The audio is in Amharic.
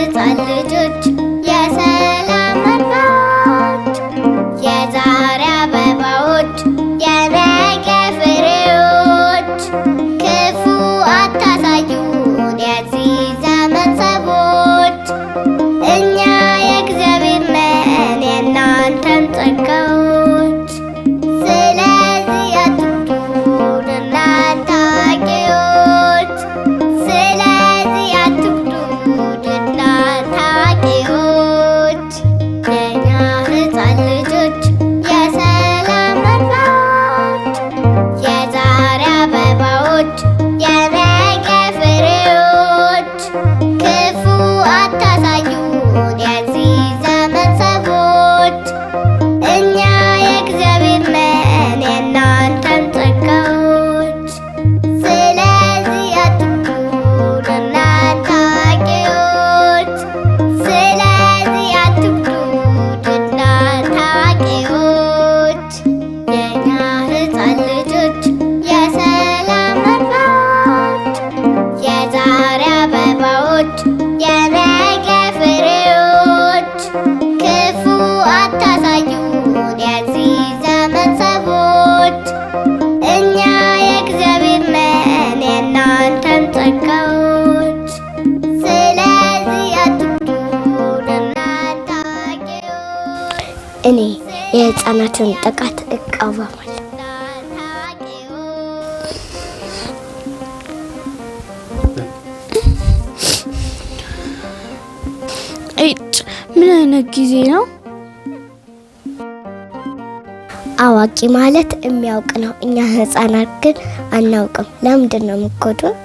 የሕፃን ልጆች የሰላም ልጆች የሰላም አበባዎች የዛሬ የነገ ፍሬዎች ክፉ አታሳዩ እኔ የህፃናትን ጥቃት እቃወማለሁ። እጭ ምን አይነት ጊዜ ነው? አዋቂ ማለት የሚያውቅ ነው። እኛ ህፃናት ግን አናውቅም። ለምንድን ነው የምትጎዱን?